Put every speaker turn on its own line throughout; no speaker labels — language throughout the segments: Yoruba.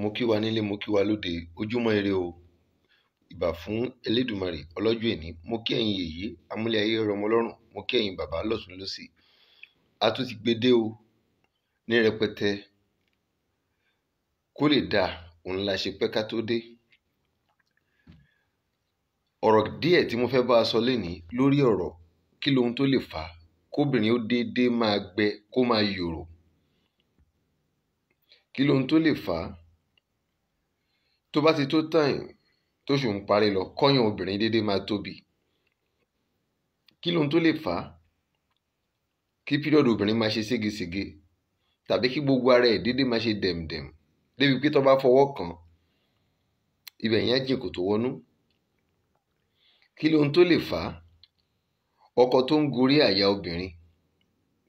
mo kí wa nílé mo kí wa lóde ojúmọ́ ire o ìbà fún Elédùmarè ọlọ́jọ́ èní mo kí ẹ̀yin yèyé amúlé ayé rọmọ lọ́rùn mo kí ẹ̀yin bàbá lọ́tún lọ́sì a tún ti gbede o ní rẹpẹtẹ kó lè dáa òun la ṣe pẹ́ ká tó dé ọ̀rọ̀ díẹ̀ tí mo fẹ́ bá a sọ lénìí lórí ọ̀rọ̀ kí lohun tó lè fà á kóbìnrin ó déédéé máa gbẹ kó máa yòrò kí lohun tó lè fà á tó bá ti tó time tóṣù ń parí lọ kọ́yàn obìnrin déédéé máa tóbi kí lóhun tó lè fà á kí píríọ̀dù obìnrin máa ṣe ségesège tàbí kí gbogbo ara ẹ̀ déédéé máa ṣe dẹ̀mdẹ̀m débi pé tó bá fọwọ́ kàn ibẹ̀ yẹn jìn kò tó wọnú kí lóhun tó lè fà á ọkọ tó ń gorí àyà obìnrin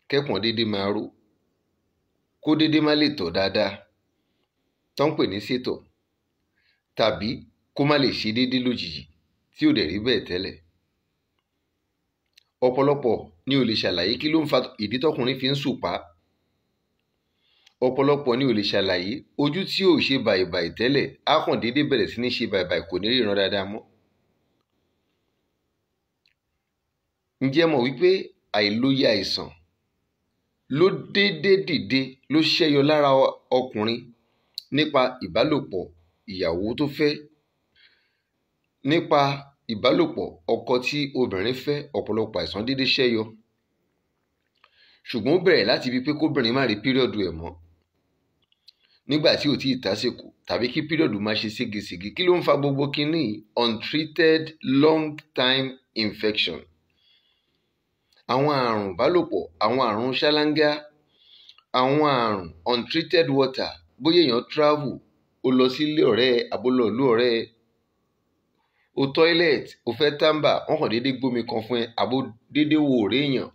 kẹ́pọ̀n déédéé máa ró kó déédéé má lè tọ̀ dáadáa tó ń pè ní sétọ̀ tàbí kó má lè ṣe déédéé lójijì tí ò dẹ̀ rí bẹ́ẹ̀ tẹ́lẹ̀. ọ̀pọ̀lọpọ̀ ni ò lè ṣàlàyé kí ló ń fa ìdí tọkùnrin fi ń sùpá. ọ̀pọ̀lọpọ̀ ni ò lè ṣàlàyé ojú tí ò ṣe bàìbàì tẹ́lẹ̀ á kàn déédéé bẹ̀rẹ̀ sí ní ṣe bàìbàì kò ní ríran dáadáa mọ́. ǹjẹ́ mọ̀ wípé àìlóye àìsàn ló déédéé dìde ló ṣẹ́yọ lára ọkùnrin nípa ìbálòpọ̀ ìyàwó tó fẹ́ nípa ìbálòpọ̀ ọkọ tí obìnrin fẹ́ ọ̀pọ̀lọpọ̀ àìsàn dédé ṣẹ́yọ ṣùgbọ́n ó bẹ̀rẹ̀ láti ibi pé kóbìnrin má rí píríọ̀dù ẹ̀ mọ́ nígbà tí ò tí ì tásìkò tàbí kí píríọ̀dù máa ṣe ségesège kí ló ń fa gbogbo kínní untreated long time infection àwọn àrùn bálòpọ̀ àwọn àrùn ṣáláńgá àwọn àrùn untreated water bóyá èèyàn travel o lọ sí ilé ọ̀rẹ́ ẹ àbólọ ìlú ọ̀rẹ́ ẹ o toilet o fẹ́ tàǹbà wọ́n kàn déédéé gbómi kan fún ẹ àbó déédéé wo òré èèyàn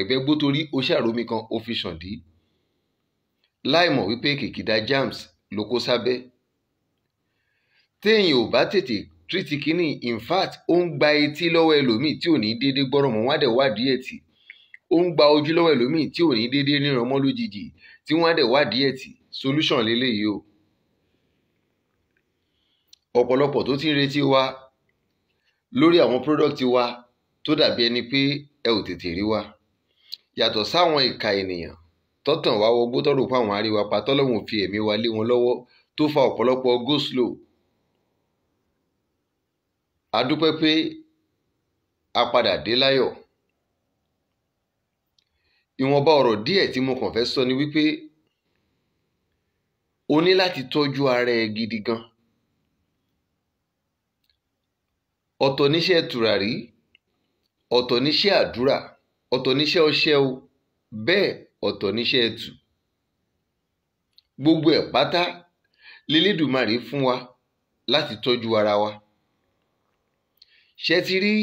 ẹ̀gbẹ́ gbótorí o ṣàrómi kan o fi sàn dí láìmọ̀ wípé kìkìdá germs ló kó sábẹ́ téèyàn ò bá tètè tírìtì kínní in fact ó ń gba etí lọ́wọ́ ẹlòmíì tí ò ní déédéé gbọ́rọ̀ mọ́ wádẹ̀ wádìí ẹ̀tì ó ń gba ojú lọ́wọ́ ẹlòmíì tí ò ní déédéé ríran lójijì tí wọ́n wádìí ẹ̀tì solution lélẹ́yìí o ọ̀pọ̀lọpọ̀ tó ti ń retí wa lórí àwọn product wa tó dàbí ẹni pé ẹ ò tètè rí wa yàtọ̀ sáwọn ìka ènìyàn tọ́tàn wá wọgbó tọ́rọ fáwọn àríwá pa tọ́lọ́hùn fi ẹ̀mí wa lé wọn lọ́wọ́ tó fa ọ̀pọ̀lọpọ̀ go slow a dúpẹ́ pé a padà dé láyọ̀ ìwọ̀nba ọ̀rọ̀ díẹ̀ tí mo kàn fẹ́ sọ ni wípé o ní láti tọ́jú ara ẹ gidi gan-an ọ̀tọ̀ níṣẹ́ tùràrí ọ̀tọ̀ níṣẹ́ àdúrà ọ̀tọ̀ níṣẹ́ ọṣẹ o bẹ́ẹ̀ ọ̀tọ̀ níṣẹ́ ẹ̀tù gbogbo ẹ̀ pátá lélẹ́dùmarè fún wa láti tọ́jú ara wa ṣe ti rí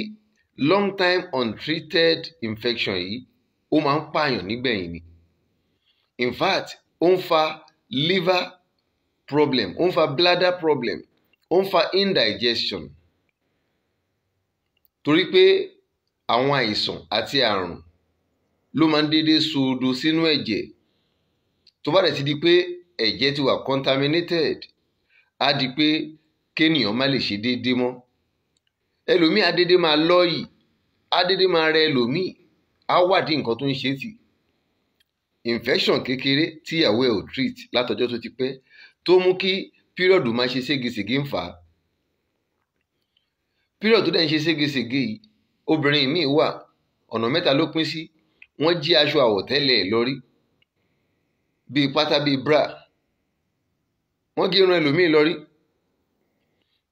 long time untreated infection yìí ó máa ń pààyàn nígbẹ̀yìn ni in fact ó ń fa liver problem ó ń fa bladder problem ó ń fa indigestion torí pé àwọn àìsàn àti àrùn ló máa ń déédéé soodo sínú ẹ̀jẹ̀ tó bá dẹ̀ ti di pé ẹ̀jẹ̀ ti wà contaminated á di pé kéènìyàn má lè ṣe déédéé mọ́ ẹlòmíì adédé máa lọ́ọ̀yì adédé máa rẹ ẹlòmíì á wádìí nǹkan tó ń ṣe sí infection kékeré tíyàwó ẹ̀ ò treat látọjọ́ tó ti pẹ́ tó mú kí pírọ̀dù máa ṣe ségesège ń fà á period tó dẹ̀ ń ṣe ségesège yìí obìnrin míì wà ọ̀nà mẹ́ta ló pín sí wọ́n jí aṣọ àwọ̀tẹ́lẹ̀ lórí bíi pátá bíi bra wọ́n gé irun ẹlòmíì lórí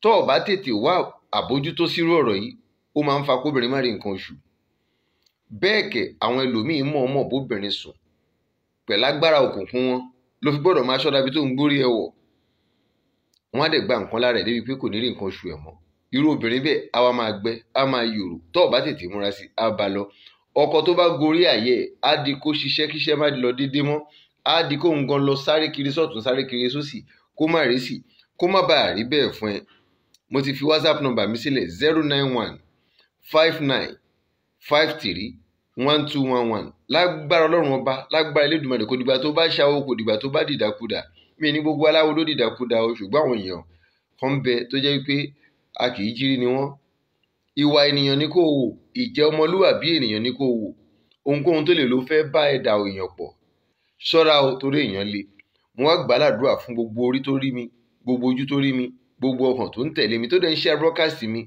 tó o bá tètè wá àbójútó sírú ọ̀rọ̀ yìí ó máa ń fa kóbìnrin má rí nǹkan oṣù bẹ́ẹ̀ kẹ̀ àwọn ẹlòmíì mọ̀ọ́mọ̀ bóbìnrin sùn pẹ̀lágbára òkùnkùn wọn ló fi gbọ́dọ̀ máa ṣọ́ra bí tó ń gbórí ẹ̀wọ̀ wọ́n á dẹ̀ gba nǹkan lára ẹ̀ débi pé kò ní rí nǹkan oṣù ẹ̀ mọ́ irú obìnrin bẹ́ẹ̀ á wá máa gbẹ á máa yòrò tó o bá tètè múra sí á bá lọ ọkọ tó bá gorí àyè á di kó ṣiṣẹ́ kíṣẹ́ má lọ déédéé mọ́ á di kó ń gan lọ sáré kiri sọ́tún sáré kiri sósì kó má rí sí kó má bàa rí bẹ́ẹ̀ fún ẹ mo ti fi whatsapp number mi sílẹ̀ zero nine one five nine five three one two one one lágbára ọlọ́run ọba lágbára Elédùmarè kò dìgbà tó bá ṣàwó kò dìgbà tó bá dìdàkudà mi ní gbogbo aláwo ló dìdàkudà o ṣùgbọ́n àwọn èèyàn kan bẹ tó jẹ́ pé a kì í jírí ni wọ́n ìwà ènìyàn ni kó wò ìjẹ́ ọmọlúwàbí ènìyàn ni kó wò ohunkóhun tó lè ló fẹ́ bá ẹ̀dá èèyàn pọ̀ ṣọ́ra o torí èèyàn le mo wá gbà ládùúrà fún gbogbo orí tó rí mi gbogbo ojú tó rí mi gbogbo ọkàn tó ń tẹ̀lé mi tó dẹ̀ ń ṣe abúrọ́kàsì mi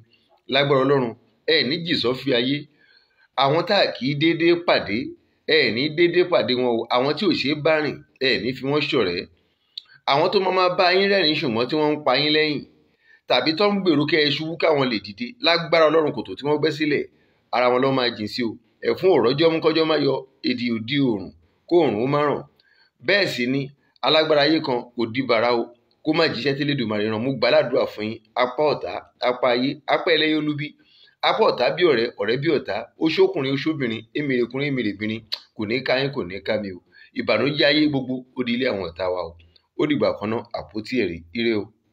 lágbára ọlọ́run ẹ ní jìsọ́ fi ayé àwọn tá a kì í déédéé pàdé ẹ ní déédéé pàdé wọn o àwọn tí ò ṣe é bá rìn ẹ ní fi wọ́n ṣọ̀rẹ́ àwọn tó máa bá yín rẹ́rìn-ín ṣùgbọ́n tí wọ́n ń pa yín lẹ́yìn tàbí tó ń gbèrò kẹ́ ẹ ṣubú káwọn lè dìde lágbára ọlọ́run kòtò tí wọ́n gbẹ́ sílẹ̀ ara wọn lọ́ máa jìn sí o ẹ̀fún òrọ́jọ́ mú kọ́jọ́ má yọ èdè òdi òrùn kó òrùn ó má ràn bẹ́ẹ̀ sì ni alágbára ayé kan kò di bàrà o kó má jíṣẹ́ tẹ́lẹ̀dùmarè ràn mú gbàládùá fún yín apá ọ̀tá apá ayé apá ẹlẹ́yẹ olúbi apá ọ̀tá bí ọ̀rẹ́ ọ̀rẹ́ bí ọ̀tá oṣókùnrin oṣóbìnrin emèrèkùnrin emèrèbìnrin kò ní ká yín kò ní ká mi o ìbànújẹ́ ayé gbogbo ó di ilé àwọn ọ̀tá wa o ó dìgbà kan náà àpótí ẹ̀rí ire o.